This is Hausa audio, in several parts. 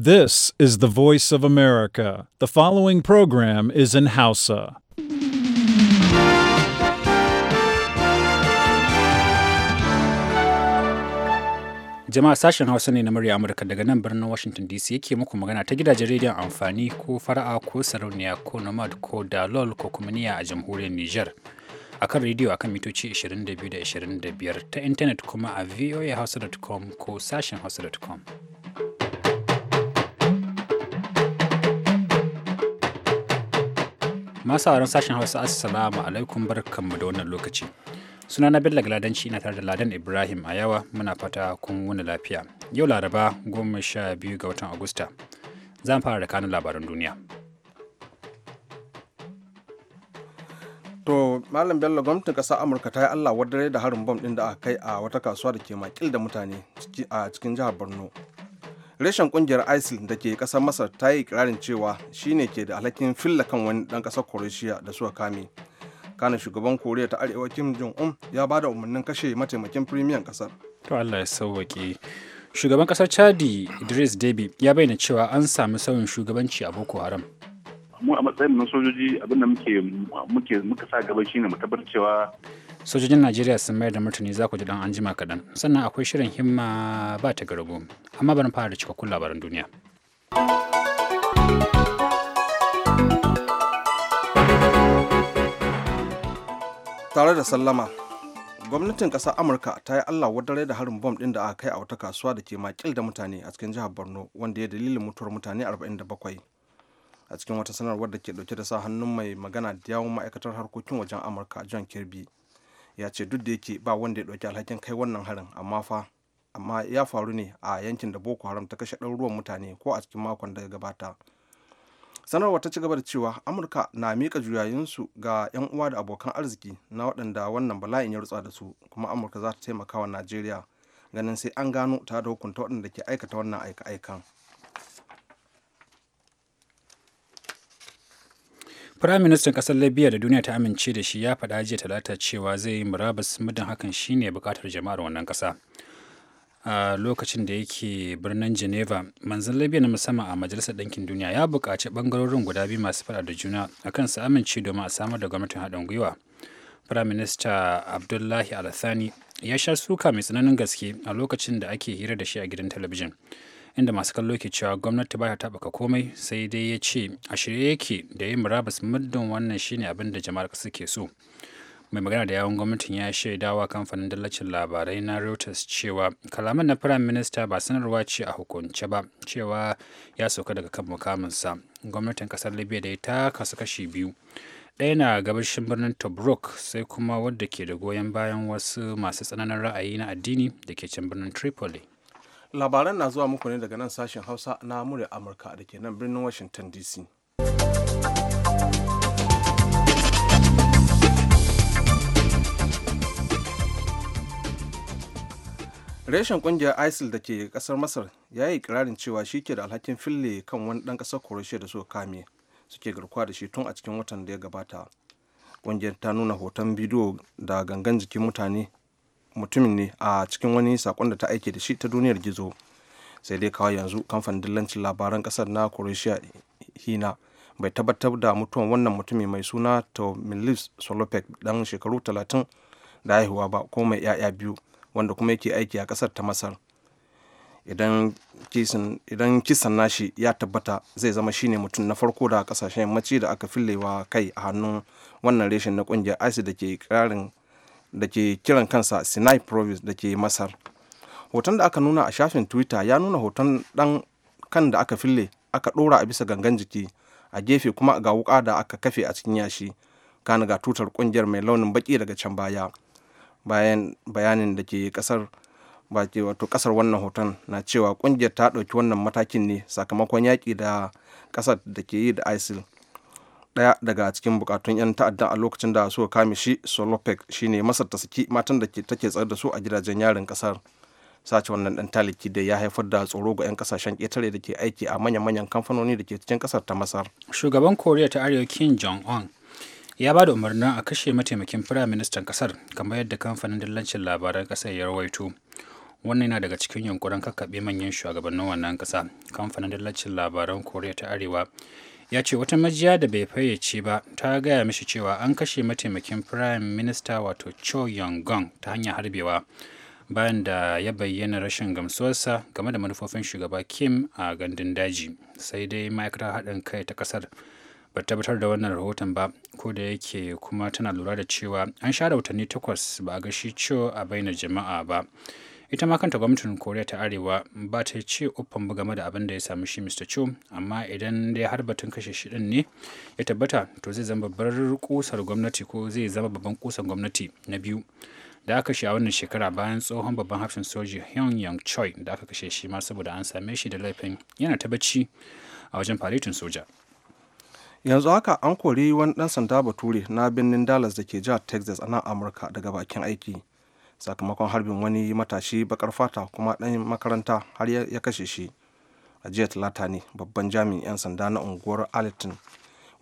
This is the voice of America. The following program is in Hausa. Jama'a sashen Hausa ne na murya Amurka daga nan birnin Washington DC yake muku magana ta gidajen rediyon amfani ko fara'a ko sarauniya ko nomad ko dalol ko kuma niya a jamhuriyar Nijar. a kan rediyo a kan mitoci 22 da 25 ta intanet kuma a voahausa.com ko sashen hausa.com. masu sauran sashen hausa assalamu alaikum kammu da wannan lokaci sunana bello ladanci na tare da ladan ibrahim a yawa muna fata kun wani lafiya yau laraba goma sha biyu ga watan agusta za fara da kanun labaran duniya to malam bello gwamnatin kasar amurka ta yi allah wadare da harin bom din da aka kai a wata kasuwa da ke makil da mutane a cikin jihar borno reshen kungiyar isil da ke kasar masar ta yi ikirarin cewa shine ke da alhakin filla kan wani dan kasar croatia da suka kame kana shugaban koriya ta arewa kim jong un ya bada umarnin kashe mataimakin premier kasar to allah ya sauwaƙe shugaban kasar chadi idris debi ya bayyana cewa an sami sauyin shugabanci a boko haram mu a matsayin na sojoji abinda muke muke muka sa gaba shine mu tabbatar cewa sojojin Najeriya sun mayar da martani za ku ji dan anjima kadan sannan akwai shirin himma ba ta garbu amma bari fara da cikakkun labaran duniya. Tare da sallama, gwamnatin ƙasar amurka ta yi allah wadare da harin bom ɗin da aka kai a wata kasuwa da ke makil da mutane a cikin jihar borno wanda ya dalilin mutuwar mutane 47 a cikin wata sanarwar da ke dauke da sa hannun mai magana da yawon ma'aikatar harkokin wajen amurka john kirby ya ce duk da yake ba wanda ya dauki alhakin kai wannan harin amma fa amma ya faru ne a yankin da boko haram ta kashe ruwan mutane ko a cikin makon da ya gabata sanarwa ta ci gaba da cewa amurka na miƙa juyayinsu ga 'yan uwa da abokan arziki na waɗanda wannan bala'in ya rutsa da su kuma amurka za ta taimaka wa najeriya ganin sai an gano ta da hukunta waɗanda ke aikata wannan aika-aikan Firaministan ƙasar Libya da duniya ta amince da shi ya faɗa jiya talata cewa zai yi murabus muddin hakan shine buƙatar jama'ar wannan ƙasa. a lokacin da yake birnin geneva manzan libya na musamman a majalisar ɗinkin duniya ya buƙaci ɓangarorin guda biyu masu faɗa da juna a kan su amince domin a samar da gwamnatin haɗin gwiwa firaminista abdullahi alathani ya sha suka mai tsananin gaske a lokacin da ake hira da shi a gidan talabijin inda masu kallo ke cewa gwamnati ba ta taɓaka komai sai dai ya ce a shirye yake da yin murabus muddin wannan shine abin da jama'ar ƙasa ke so mai magana da yawon gwamnatin ya shaidawa kamfanin dallacin labarai na reuters cewa kalaman na firayim minista ba sanarwa ce a hukunce ba cewa ya sauka daga kan mukaminsa gwamnatin kasar libya da ya ta kasu kashi biyu ɗaya na gabashin birnin tobruk sai kuma wadda ke da goyon bayan wasu masu tsananin ra'ayi na addini da ke can birnin tripoli labaran na zuwa muku ne daga nan sashen hausa na murya amurka da ke nan birnin washington dc reshen kungiyar isil da ke kasar masar ya yi kirarin cewa shi ke da alhakin fille kan wani dan kasar kuroshe da suka kame suke garkuwa da shi tun a cikin watan da ya gabata kungiyar ta nuna hoton bidiyo da gangan jikin mutane mutumin ne a cikin wani sakon da ta aike da shi ta duniyar gizo sai dai kawai yanzu kamfanin dillancin labaran kasar na croatia hina bai tabbatar da mutuwan wannan mutumi mai suna tomilis solopek dan shekaru 30 da haihuwa ba ko mai 'ya'ya biyu wanda kuma yake aiki a kasar ta masar idan kisan nashi ya tabbata zai zama shine mutum na farko da kasashen yammaci da aka fillewa kai a hannun wannan reshen na kungiyar isis da ke ƙarin. da ke kiran kansa sinai province da ke masar hoton da aka nuna a shafin twitter ya nuna hoton dan kan da aka fille aka ɗora a bisa gangan jiki a gefe kuma ga wuka da aka kafe a cikin yashi kana ga tutar kungiyar mai launin baki daga can baya bayan bayanin da ke kasar ke wato kasar wannan hoton na cewa kungiyar ta ɗauki wannan matakin ne sakamakon yaki da kasar da ke yi da isil daya daga cikin bukatun 'yan ta'adda a lokacin da suka kame shi solopec shine masar ta saki matan da take tsar da su a gidajen yarin kasar sace wannan dan taliki da ya haifar da tsoro ga 'yan kasashen ketare da ke aiki a manya-manyan kamfanoni da ke cikin kasar ta masar shugaban koriya ta arewa kim jong un ya ba da umarnin a kashe mataimakin firaministan kasar kamar yadda kamfanin dillancin labaran kasar ya rawaito wannan yana daga cikin yunkurin kakkaɓe manyan shugabannin wannan kasa kamfanin dillacin labaran koriya ta arewa ya ce wata majiya da bai fayyace ba ta gaya mishi cewa an kashe mataimakin firayim minista wato cho yong gong ta hanyar harbewa bayan da ya bayyana rashin gamsuwarsa game da manufofin shugaba kim a gandun daji sai dai ma'aikatar haɗin kai ta ƙasar ba tabbatar da wannan rahoton ba ko da yake kuma tana lura da cewa an share watanni takwas ba a ga shi a bainar jama'a ba ita ma kanta gwamnatin koriya ta arewa ba ta ce uffan game da abin da ya samu shi mr chu amma idan dai har batun kashe shi din ne ya tabbata to zai zama babbar kusar gwamnati ko zai zama babban kusan gwamnati na biyu da aka kashe a wannan shekara bayan tsohon babban hafshin soji Hyun Choi da aka kashe shi ma saboda an same shi da laifin yana ta bacci a wajen faretin soja. Yanzu haka an kori wani dan sanda bature na birnin Dallas da ke jihar Texas a nan Amurka daga bakin aiki sakamakon harbin wani matashi bakar fata kuma ɗan makaranta har ya kashe shi a jiya talata ne babban jami'in 'yan sanda na unguwar alton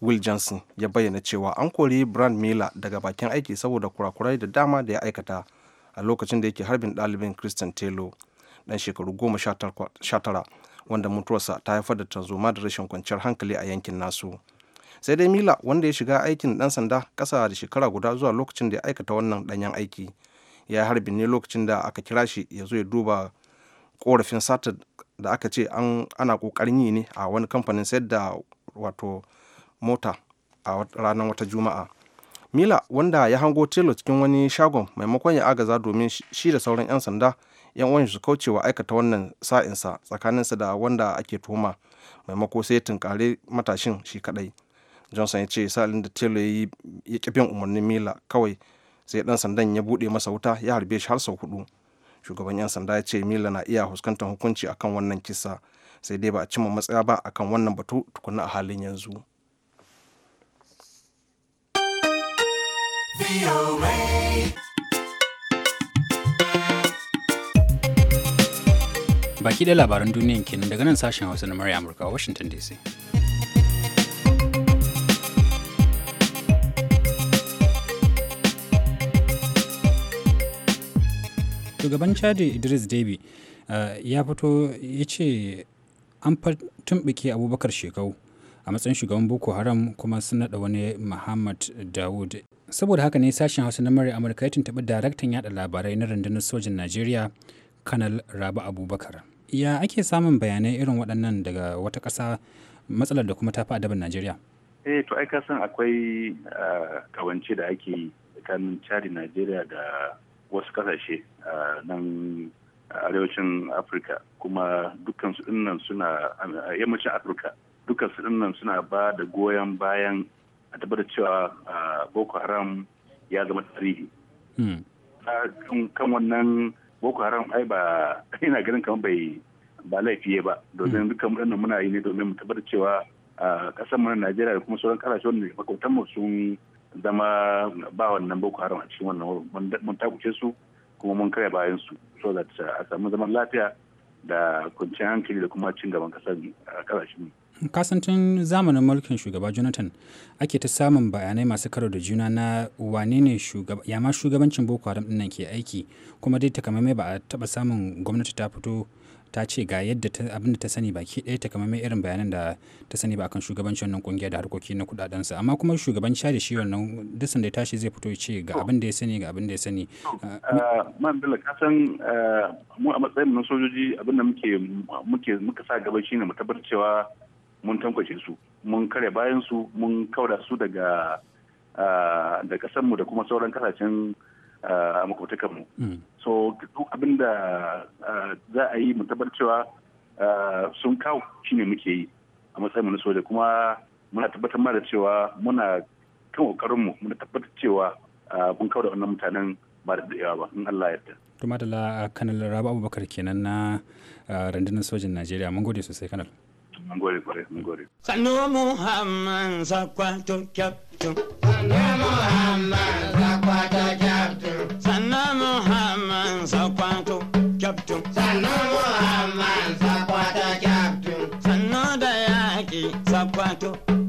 will johnson ya bayyana cewa an kori brand miller daga bakin aiki saboda kurakurai da dama da ya aikata a lokacin da yake harbin ɗalibin christian taylor dan shekaru goma sha tara wanda mutuwarsa ta haifar da tarzoma da rashin kwanciyar hankali a yankin nasu sai dai mila wanda ya shiga aikin ɗan sanda kasa da shekara guda zuwa lokacin da ya aikata wannan ɗanyen aiki ya yi harbin ne lokacin da aka kira shi ya zo ya duba korafin sata da aka ce ana kokarin yi ne a wani kamfanin sayar da wato mota a ranar wata juma'a mila wanda ya hango telo cikin wani shagon maimakon ya agaza domin shi da sauran 'yan sanda 'yan uwan su kauce aikata wannan sa'insa tsakaninsa da wanda ake tuhuma maimako sai ya tunkare matashin shi kadai johnson ya ce salin da telo ya yi ya umarnin mila kawai sai dan sandan ya bude masa wuta ya harbe shi har sau hudu shugaban yan sanda ya ce mila na iya fuskantar hukunci akan wannan kisa sai dai ba a cimma matsaya ba akan wannan batu tukuna a halin yanzu baki da labaran duniyan kenan daga nan sashen hausa na murya amurka washington dc shugaban chadi idris debi eh, ya fito ya ce an tumɓuke abubakar shekau a matsayin shugaban boko haram kuma sun naɗa wani muhammad dawud saboda haka ne sashen hausa na mara amurka ya tuntuɓi daraktan yada labarai na rundunar sojin najeriya kanal rabu abubakar ya ake samun bayanai irin waɗannan daga wata ƙasa matsalar da kuma tafi adabin najeriya eh to ai san akwai kawance eh, da ake tsakanin chadi najeriya da wasu kasashe nan arewacin afirka kuma dukkan su dinnan suna yammacin afirka dukkan su dinnan suna ba da goyon bayan a tabbatar cewa boko haram ya zama tarihi hmm. kan wannan boko haram ai ba ina ganin kamar bai ba laifiye ba domin hmm. dukkan waɗannan muna yi ne domin mu tabbatar cewa a ƙasar mu Najeriya da kuma sauran karashe wanda makwabtan mu sun zama ba wannan boko haram a cikin wannan mun takuce su kuma mun karya bayan su so that uh, a samu zaman lafiya da kwanciyar hankali da kuma cin gaban kasar a uh, kasashen kasancin zamanin mulkin shugaba jonathan ake ta samun bayanai masu karo da juna na wane ne yama shugabancin boko haram din nan ke aiki kuma dai takamaimai ba a taɓa samun gwamnati ta fito ta ce ga yadda abin da ta sani baki ɗaya ta kamar irin bayanan da ta sani ba akan shugabancin wannan kungiya da harkoki na kudadensa amma kuma shugaban da shi wannan duk da ya tashi zai fito ce ga abin da ya sani ga abin da ya sani eh, man dala ka san eh, mu a matsayin na sojoji abin da muke muke muka sa gaba shine mu tabbatar cewa mun tankwace su mun kare bayan su mun kauda su daga eh, da kasanmu da kuma sauran kasashen a makwabtakan mu hmm. so duk abin da za a yi mu tabbatar cewa sun kawo shi ne muke yi a matsayin mu na soja kuma muna tabbatar ma da cewa muna kan kokarin mu muna tabbatar cewa mun kawo da wannan mutanen ba da daɗewa ba in Allah yarda da la kanal rabu abubakar kenan na rundunar sojin najeriya mun gode sosai kanal mun gode kwarai mun gode sanu muhammad sakwato kyaftin sanu muhammad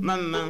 Mama.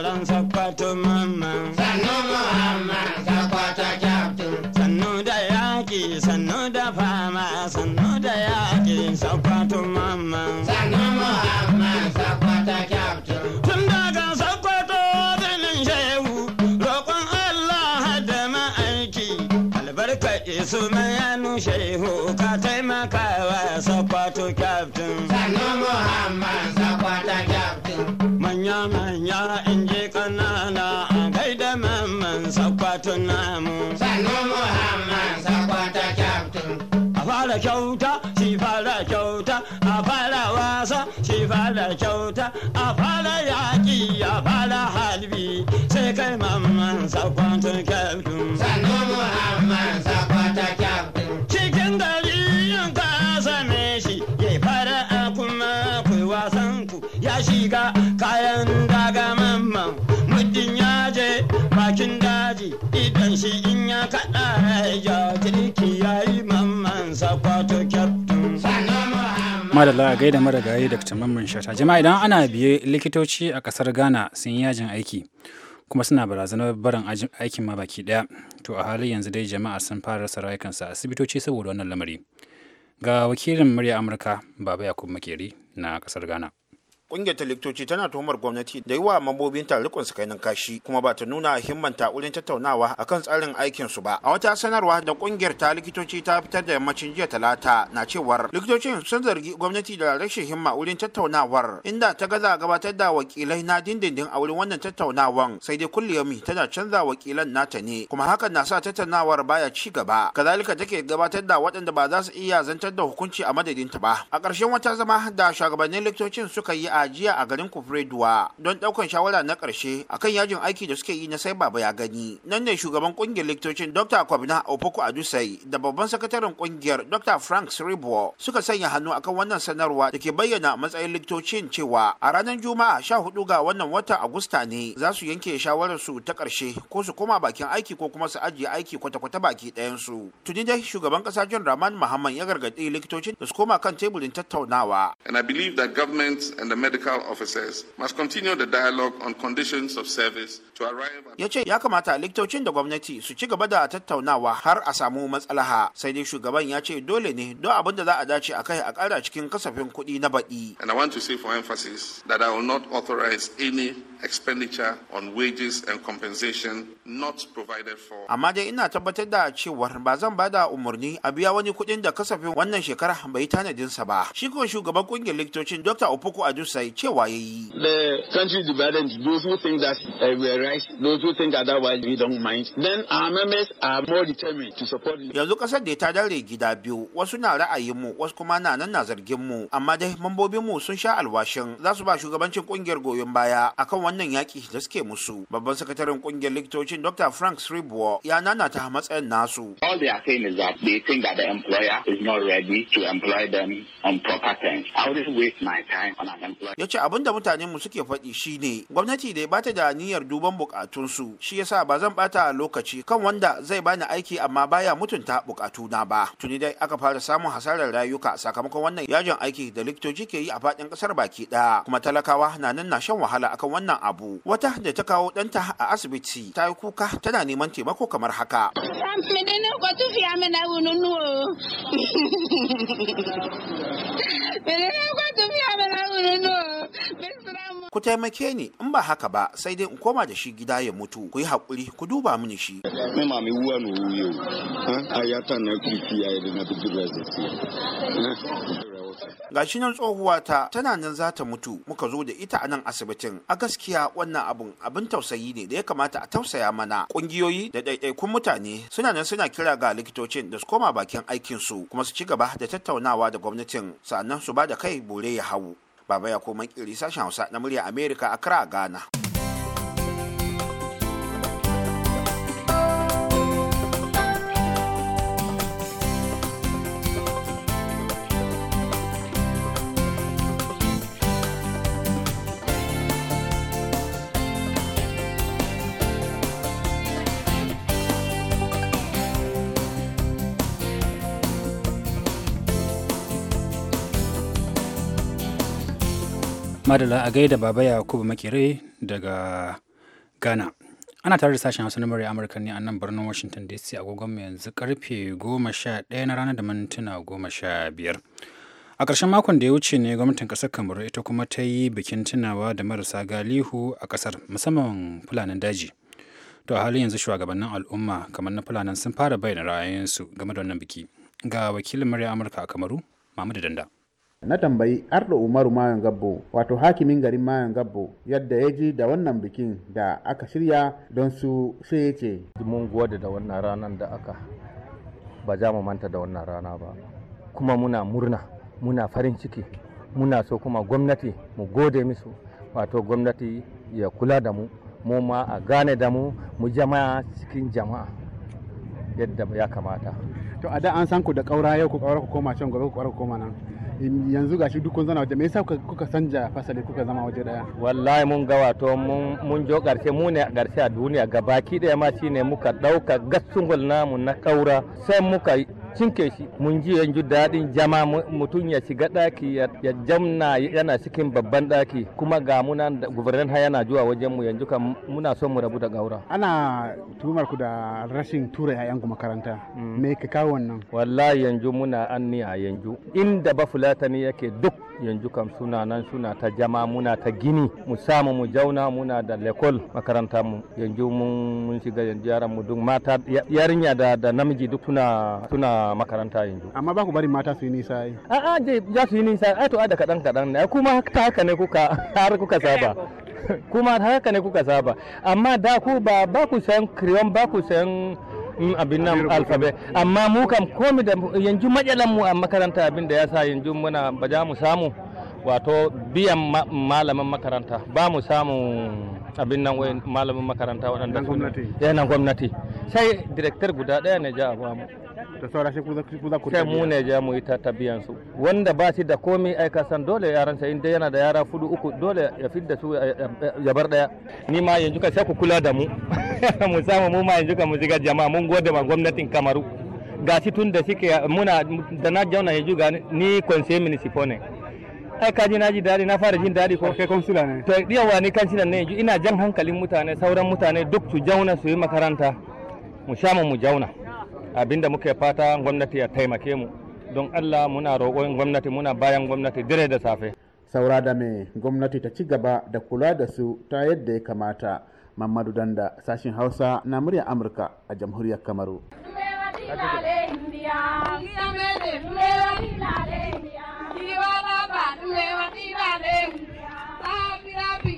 yaran sakwato mama. Sannu Muhammad sakwato kyaftin. Sannu da yaƙi sannu da fama sannu da yaƙi sakwato mamma. Sannu Muhammad sakwato kyaftin. Tun daga sakwato zanen shehu roƙon Allah da aiki, albarka isu anu shehu ka. a kyauta a fara yaƙi a fara halbi sai kai mamman sakwanta kyautu. Sannu Muhammad kyautu. Cikin gari yin ka same shi ya fara a kuma kai wasan ku ya shiga kayan daga mamman muddin ya je bakin daji idan shi in ya kaɗa ya jirki ya yi mamman sakwato madalla a gaida da dr mamman shata jama'a idan ana biye likitoci a kasar ghana sun yi yajin aiki kuma suna barazanar barin aikin ma baki daya to a halin yanzu dai jama'a sun fara rasa rayukansu a asibitoci saboda wannan lamari ga wakilin murya amurka baba yakub makeri na kasar ghana Ƙungiyar ta likitoci tana tuhumar gwamnati da yi wa mambobin talikun su kainin kashi kuma ba ta nuna himmanta wurin tattaunawa a kan tsarin aikin su ba. A wata sanarwa da kungiyar ta likitoci ta fitar da yammacin jiya talata na cewar likitocin sun zargi gwamnati da rashin himma wurin tattaunawar inda ta gaza gabatar da wakilai na dindindin a wurin wannan tattaunawan sai dai kulliyami tana canza wakilan nata ne kuma hakan na sa tattaunawar baya ci gaba. Kazalika take gabatar da waɗanda ba za su iya zantar da hukunci a madadinta ba. A ƙarshen wata zama da shugabannin likitocin suka yi Ajiya a garin Kufreduwa don ɗaukan shawara na ƙarshe a kan yajin aiki da suke yi na sai baba ya gani. Nan ne shugaban ƙungiyar likitocin Dr. Kwabna Opoku Adusai da babban sakataren ƙungiyar Dr. Frank Sribo suka sanya hannu akan wannan sanarwa da ke bayyana matsayin likitocin cewa a ranar Juma'a sha hudu ga wannan watan Agusta ne za su yanke shawarar su ta ƙarshe ko su koma bakin aiki ko kuma su ajiye aiki kwata-kwata baki ɗayansu. Tuni dai shugaban ƙasa John Rahman Muhammad ya gargaɗi likitocin da su koma kan teburin tattaunawa. And I believe that government medical officers must continue the dialogue on conditions of service to arrive at... Ya ce ya kamata likitocin da gwamnati su ci gaba da tattaunawa har a samu matsalaha sai dai shugaban ya ce dole ne don abin da za a dace a kai a ƙara cikin kasafin kuɗi na baɗi. And I want to say for emphasis that I will not authorize any expenditure on wages and compensation not provided for. Amma dai ina tabbatar da cewar ba zan ba da umarni a biya wani kuɗin da kasafin wannan shekara bai sa ba. Shi ko shugaban kungiyar likitocin Dr. Opoku Adusai cewa ya yi. The country dividend, those who think that uh, we are right, those who think otherwise we don't mind. Then our members are more determined to support. Yanzu kasar da ta dare gida biyu, wasu na ra'ayin mu, wasu kuma na nan na zargin mu. Amma dai mambobin mu sun sha alwashin za su ba shugabancin kungiyar goyon baya akan wannan yaki da suke musu babban sakataren kungiyar likitocin dr frank sribuwa ya nana ta matsayin nasu all they are saying is that they think that the employer is not ready to employ them on proper abin da mutanen mu suke faɗi shine gwamnati da bata da niyyar duban bukatunsu shi yasa ba zan bata lokaci kan wanda zai bani aiki amma baya mutunta bukatuna ba tuni dai aka fara samun hasarar rayuka sakamakon wannan yajin aiki da likitoci ke yi a faɗin ƙasar baki ɗaya kuma talakawa na nan na shan wahala akan wannan wannan abu wata da ta kawo ɗanta a asibiti ta yi kuka tana neman taimako kamar haka ku taimake ni in ba haka ba sai dai in koma da shi gida ya mutu ku yi haƙuri ku duba mini shi Mai mami wuyo yata na fiye da na gashi nan tsohuwa ta tana nan za ta mutu muka zo da ita a nan asibitin a gaskiya wannan abun abin tausayi ne da ya kamata a tausaya mana kungiyoyi da ɗaiɗaikun mutane suna nan suna kira ga likitocin da su koma bakin aikin su kuma su ci gaba da tattaunawa da gwamnatin sannan su ba da kai bore ya hau. baba ya koma kiri sashen hausa na murya america a kira ghana madala a gaida baba yakubu makere daga ghana ana tare da sashen hausa na murya amurka ne a nan birnin washington dc agogon mu yanzu karfe 11 na rana da mintuna 15 a ƙarshen makon da ya wuce ne gwamnatin ƙasar kamaru ita kuma ta yi bikin tunawa da marasa galihu a ƙasar musamman fulanin daji to a halin yanzu shugabannin al'umma kamar na fulanin sun fara bayyana ra'ayinsu game da wannan biki ga wakilin murya amurka a kamaru mamadu danda na tambayi arɗo umaru mayon gabbo wato hakimin garin mayon gabbo yadda ya ji da wannan bikin da aka shirya don su sai ya ce mun gode da wannan ranar da aka ba za mu manta da wannan rana ba kuma muna murna muna farin ciki muna so kuma gwamnati mu gode musu wato gwamnati ya kula da mu mu ma a gane da mu mu jama'a cikin jama'a yadda ya kamata to a da an san ku da ƙaura yau ku kaura ku koma can gobe ku kaura ku koma nan yanzu ga shi dukkan zana waje me yasa kuka sanja fasali kuka zama waje daya wallahi mun ga wato mun jo karshe mu ne karshe a duniya gabaki daya ma shine muka dauka gassungul namu na kaura sai muka cinke shi mun ji yanzu daɗin jama mutum ya shiga ɗaki ya jamna yana cikin babban ɗaki kuma ga muna gubernan har yana zuwa wajen mu yanzu kan muna son mu rabu da gaura ana tumar ku da rashin tura yayanku makaranta mm. me ka kawo wannan wallahi yanzu muna anniya yanzu inda ba fulatani yake duk yanzu kam suna nan suna ta jama muna ta gini mu samu mu jauna muna da lekol makaranta mu yanzu mun shiga yanzu yaran mu duk mata yarinya da namiji duk suna suna makaranta yanzu amma ba ku bari mata su yi nisa yi a'a je za su yi nisa ai to a da kadan kadan ne kuma ta haka ne kuka har kuka saba kuma ta haka ne kuka saba amma da ku ba ba ku san kriyon ba ku san mm, abin nan alfabe amma mu kam komi da yanzu majalan mu a makaranta abin da ya sa yanzu muna ba za mu samu wato biyan malamin makaranta ba mu samu abin nan malamin makaranta waɗanda eh, gwamnati sai direktar guda ɗaya ne ja a mu. da saura shi ku za ku mu ne je mu yi ta su wanda ba shi da komai ai ka san dole yaran sa in dai yana da yara fudu uku dole ya fidda su ya bar daya ni ma yanzu ka sai ku kula da mu mu samu mu ma yanzu ka mu shiga jama'a mun gode ma gwamnatin Kamaru ga shi tun da suke muna da na jauna yanzu ga ni conseil municipal ne ai kaji na ji daɗi na fara jin daɗi ko kai kansila ne to yawa ni kansila ne ina jan hankalin mutane sauran mutane duk su jauna su yi makaranta mu sha mu jauna abinda muke fata gwamnati ya taimake mu don allah muna roƙon gwamnati muna bayan gwamnati dire da safe saura da me gwamnati ta ci gaba da kula da su ta yadda ya kamata mamadu danda sashin hausa na muryar amurka a jamhuriyar kamaru Happy, happy.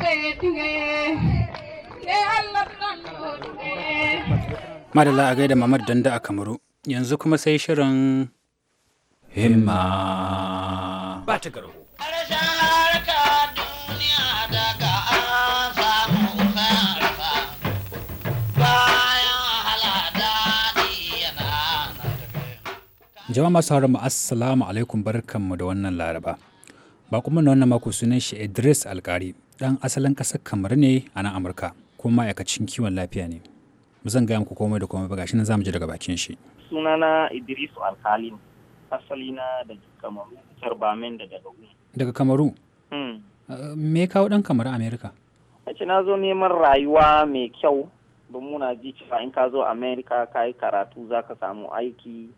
ɓe madalla a gaida mamad danda a kamaru yanzu kuma sai shirin himma ba ta garo jama'a masu haramu assalamu alaikum barkanmu da wannan laraba ba kuma na wannan mako sunan shi Idris Alkari dan asalin kasar Kamar ne a nan Amurka kuma ma'aikacin kiwon lafiya ne mu zan gaya muku komai da komai ba gashi nan zamu ji daga bakin shi sunana Idris Alkali asali na daga Kamaru Tarbamen da daga daga Kamaru hmm. uh, me kawo dan Kamaru Amerika ce na zo neman rayuwa mai kyau don muna ji cewa in ka zo Amerika ka yi karatu za ka samu aiki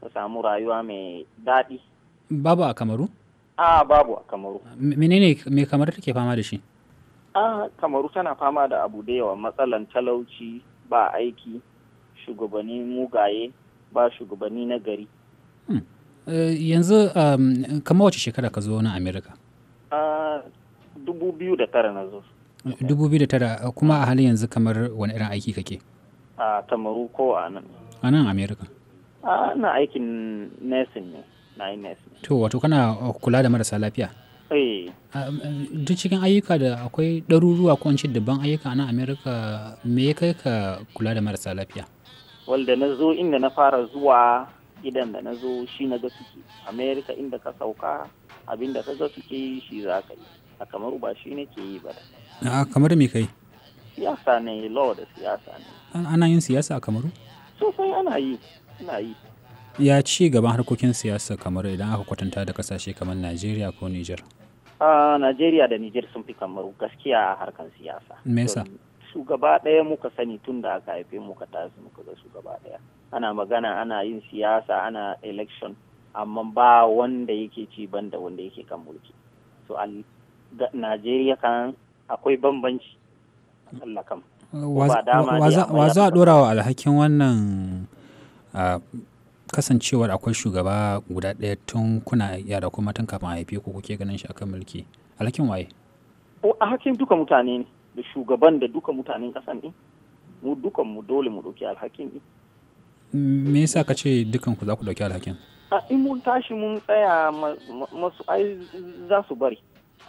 ka samu rayuwa mai daɗi babu a Kamaru a babu a kamaru menene me kamar take fama da shi a kamaru tana fama da abu da yawa matsalan talauci ba aiki shugabanni mugaye ba shugabanni na gari hmm. eh, yanzu um, kama wace shekara ka zo na amerika dubu biyu da tara na zo dubu biyu da tara kuma a halin yanzu kamar wani irin aiki kake a kamaru ko a nan a nan amerika a na aikin nesin ne na to wato kana uh, kula da marasa lafiya eh. uh, um, duk cikin ayyuka da akwai ɗaruruwa ko ce dabban ayyuka na amerika me ya kai ka kula da marasa lafiya wanda na zo inda na fara zuwa idan da na zo shi na ga suke amerika inda ka sauka abin da ka ga suke shi za ka yi a kamar ba shi ne ke yi ba a kamar me kai siyasa ne law da siyasa ne ana yin siyasa a kamaru sosai ana yi ana yi ya ci gaban harkokin siyasa kamar idan aka kwatanta da kasashe kamar najeriya ko niger a najeriya da niger sun fi kamar gaskiya a harkar siyasa Mesa? su gaba ɗaya muka sani tun da aka haife muka tashi muka ga su gaba ɗaya ana magana ana yin siyasa ana election amma ba wanda yake ci banda wanda yake kan mulki so a najeriya kan akwai bambanci Allah kam wa za a ɗora wa alhakin wannan kasancewar akwai shugaba guda ɗaya tun kuna yara kuma tun kafin a ku kuke ganin shi akan mulki alhakin waye a hakin duka mutane ne da shugaban da duka mutanen kasan ne mu dukan mu dole mu ɗauki alhakin ne me yasa ka ce dukan ku za ku ɗauki alhakin a in mun tashi mun tsaya masu ai za su bari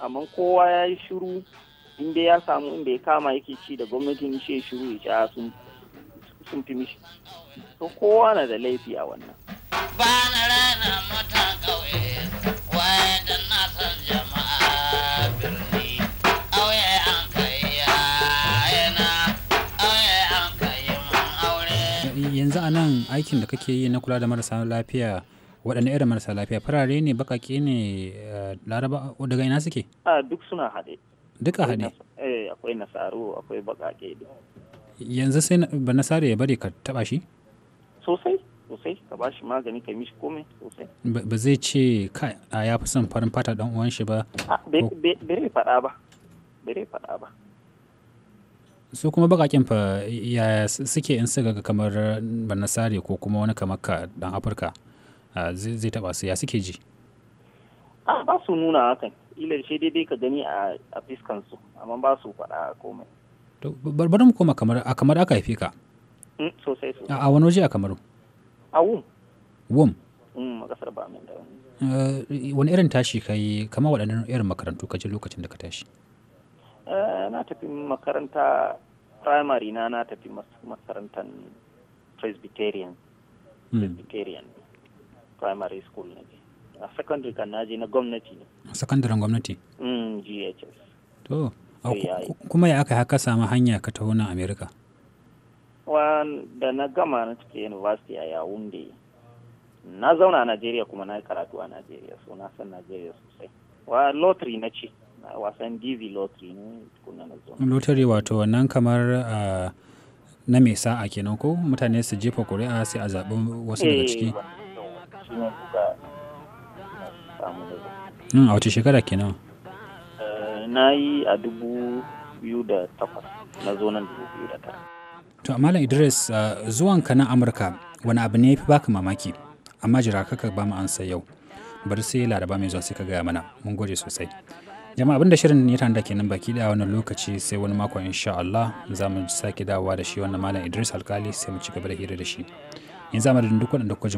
amma kowa ya yi shiru inda ya samu inda ya kama yake ci da gwamnatin shi ya shiru ya ci sun sun fi mishi to kowa na da laifi a wannan eh, yanzu a nan aikin da kake yi na kula da marasa lafiya waɗanne irin marasa lafiya farare ne bakake ne eh, laraba daga ina suke a duk suna haɗe duka haɗe eh akwai nasaru akwai bakake yanzu sai ba na sare ya bari ka taba shi sosai sosai ka ba shi magani ka mishi komai sosai ba zai ce ka ya fi son farin fata dan uwan shi ba bere faɗa ba bere faɗa ba su kuma bakakin fa ya suke in su ga kamar banasare ko kuma wani kamar ka dan afirka zai taba su ya suke ji a ba su nuna hakan ilar shi daidai ka gani a fiskansu amma ba su faɗa komai bari mu koma kamar a kamar aka haife ka mm, sosai sosai a wani waje a kamaru a wum wum mm, a kasar ba min da eh, wani irin tashi ka yi kama waɗannan irin makarantu ka je lokacin da ka tashi eh, na tafi makaranta primary na na tafi makarantar presbyterian hmm. presbyterian primary school ne a secondary kan na je na gwamnati ne a secondary gwamnati mm ghs to kuma ya aka haka samu hanya ka taho nan amerika da na gama na cikin university a yawunde na zauna a najeriya kuma na karatu a najeriya so na san najeriya sosai wa lottery na ce wasan dv lottery ne tukuna na zauna lottery wato nan kamar na mai sa'a kenan ko mutane su jefa kuri'a sai a zaɓi wasu daga eh, ciki hmm, a wace shekara kenan na yi a dubu biyu da takwas na zo nan dubu biyu da tara. To Malam Idris uh, zuwan ka na Amurka wani abu ne ya fi baka mamaki amma jira ka ba mu ansa yau bari sai laraba mai zuwa sai ka gaya mana mun gode sosai. Jama'a abinda shirin ya tanda kenan baki da wani lokaci sai wani mako insha Allah za mu sake dawowa da shi wannan Malam Idris alkali sai mu ci gaba da hira da shi. Yanzu amma da duk waɗanda kuka ji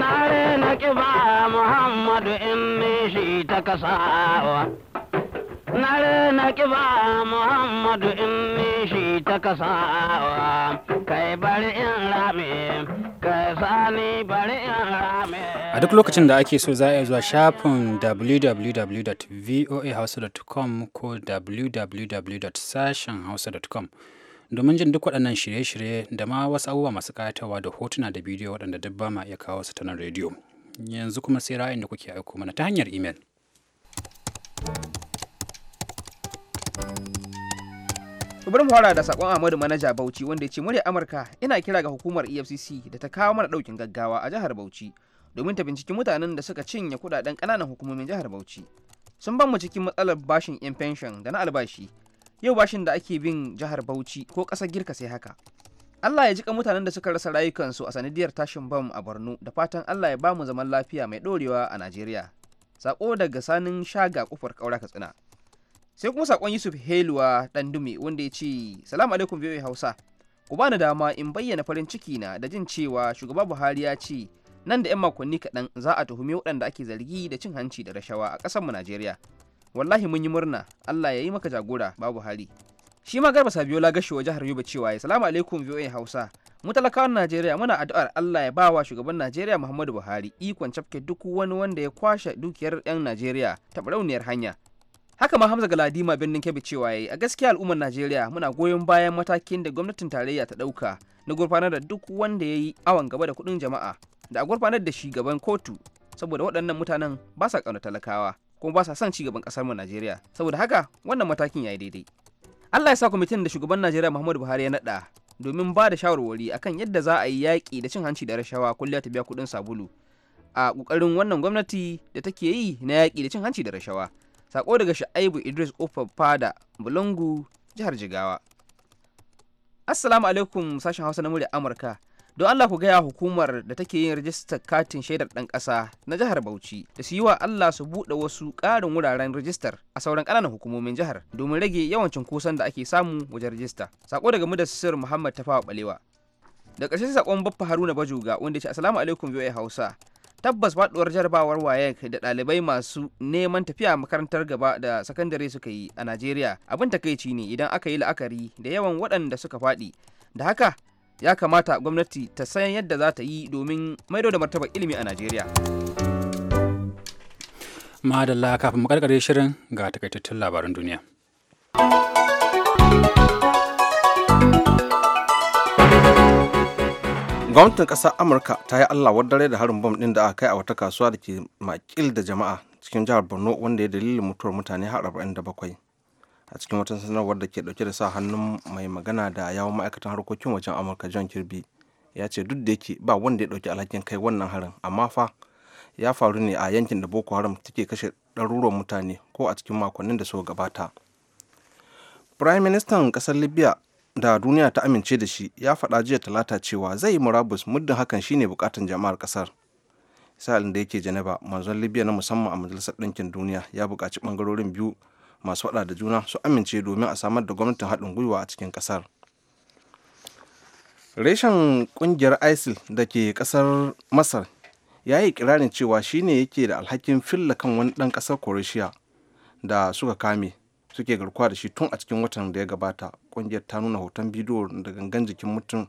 na rena ƙiba muhammadu in shi ta kasawa na rena ƙiba muhammadu in shi ta kasawa kai bari in rame kai sani bari in rame a duk lokacin da ake so za a zuwa shafin www.voahausa.com ko www.sashenhausa.com Domin jin duk waɗannan shirye-shirye da ma wasu abubuwa masu ƙayatarwa da hotuna da bidiyo waɗanda duk ba ma iya kawo su ta nan rediyo. Yanzu kuma sai ra'ayin da kuke aiko mana ta hanyar imel. bari mu fara da sakon Ahmadu Manaja Bauchi wanda ya ce murya Amurka ina kira ga hukumar EFCC da ta kawo mana daukin gaggawa a jihar Bauchi domin ta binciki mutanen da suka cinye kudaden kananan hukumomin jihar Bauchi. Sun ban mu cikin matsalar bashin yan pension da na albashi yau bashin da ake bin jihar Bauchi ko ƙasar Girka sai haka. Allah ya jika mutanen da suka rasa rayukansu a sanadiyar tashin bam a Borno da fatan Allah ya bamu zaman lafiya mai ɗorewa a Najeriya. Sako daga sanin shaga kofar ƙaura Katsina. Sai kuma sakon Yusuf Heluwa dume wanda ya ce, "Salamu alaikum biyoyi Hausa. Ku bani dama in bayyana farin ciki na da jin cewa shugaba Buhari ya ce nan da 'yan makonni kaɗan za a tuhumi waɗanda ake zargi da cin hanci da rashawa a ƙasarmu Najeriya. wallahi mun yi murna Allah ya yi maka jagora babu hali shi ma garba sabiola wa jihar Yuba cewa ya salamu alaikum voa hausa mu talakawan najeriya muna addu'ar allah ya ba wa shugaban najeriya muhammadu buhari ikon cafke duk wani wanda ya kwashe dukiyar yan najeriya ta barauniyar hanya haka ma hamza galadima birnin kebbi cewa yayi a gaskiya al'ummar najeriya muna goyon bayan matakin da gwamnatin tarayya ta ɗauka na gurfanar da duk wanda ya yi awon gaba da kuɗin jama'a da a gurfanar da shi gaban kotu saboda waɗannan mutanen ba sa ƙauna talakawa kuma ba sa son ci gaban kasar mu Najeriya saboda haka wannan matakin yayi daidai Allah ya sa kwamitin da shugaban Najeriya Muhammadu Buhari ya nada domin ba da shawarwari akan yadda za a yi yaƙi da cin hanci da rashawa kulliya ta biya kuɗin sabulu a ƙoƙarin wannan gwamnati da take yi na yaƙi da cin hanci da rashawa sako daga Sha'ibu Idris Kofar Fada Bulungu jihar Jigawa Assalamu alaikum sashen Hausa na murya Amurka don Allah ku gaya hukumar da take yin rajistar katin shaidar ɗan ƙasa na jihar Bauchi da su yi wa Allah su buɗe wasu ƙarin wuraren rajistar a sauran ƙananan hukumomin jihar domin rage yawan cunkoson da ake samu wajen rijista. Sako daga sir Muhammad Tafawa Balewa. Da ƙarshe sakon Baffa Haruna bajuga wanda ya ce Assalamu alaikum VOA Hausa. tabbas faduwar jarabawar wayek da ɗalibai masu neman tafiya makarantar gaba da sakandare suka yi a najeriya abin takaici ne idan aka yi la'akari da yawan waɗanda suka faɗi da haka ya kamata gwamnati ta sayan yadda za ta yi domin maido da martabar ilimi a najeriya madalla kafin makarkare shirin ga takaitattun labaran duniya gwamnatin ƙasar amurka ta yi allah wadare da harin bom ɗin da aka kai a wata kasuwa da ke makil da jama'a cikin jihar borno wanda ya dalilin mutuwar mutane har 47 a cikin wata sanarwar da ke dauke da sa hannun mai magana da yawon ma'aikatan harkokin wajen amurka john kirby ya ce duk da yake ba wanda ya dauki alhakin kai wannan harin amma fa ya faru ne a yankin da boko haram take kashe ɗaruruwan mutane ko a cikin makonnin da suka gabata prime ministan kasar libya da duniya ta amince da shi ya faɗa jiya talata cewa zai yi murabus muddin hakan shine bukatan jama'ar kasar sa'ilin da yake janaba manzon libya na musamman a majalisar ɗinkin duniya ya buƙaci ɓangarorin biyu masu faɗa da juna su amince domin a samar da gwamnatin haɗin gwiwa a cikin ƙasar reshen ƙungiyar isil da ke ƙasar masar ya yi kirarin cewa shine yake da alhakin filla kan wani ɗan ƙasar croatia da suka kame suke garkuwa da shi tun a cikin watan da ya gabata ƙungiyar ta nuna hoton bidiyo da gangan jikin mutum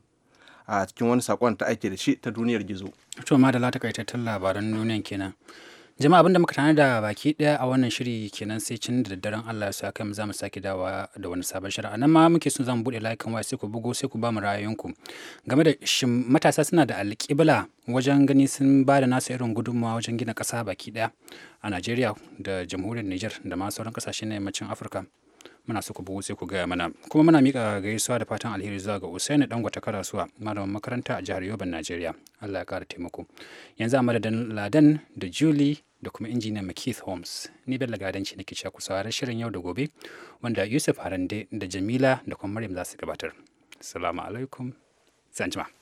a cikin wani sakon ta aike da shi ta duniyar gizo. To ma da latakaitattun labaran duniyan kenan. Jama'a abinda muka tana da baki daya a wannan shiri kenan sai cin da daddaren Allah ya kai mu za mu sake dawa da wani sabon shirin. A nan ma muke son za mu buɗe layukan waya sai ku bugo sai ku ba mu ra'ayoyinku. Game da shin matasa suna da alƙibla wajen gani sun ba da nasu irin gudunmawa wajen gina ƙasa baki ɗaya a Najeriya da jamhuriyar niger da ma sauran ƙasashe na yammacin Afirka. muna so ku bugu sai ku gaya mana kuma muna mika gaisuwa da fatan alheri zuwa ga Usaini gwata Karasuwa malamin makaranta a jihar yoban Najeriya Allah ya kara taimako yanzu a madadin Ladan da Julie da kuma injiniyan Keith Holmes ni Bello Gadanci nake cewa ku saurari shirin yau da gobe wanda Yusuf Harande da Jamila da kuma Maryam za su gabatar. salamu alaikum. Sanjima.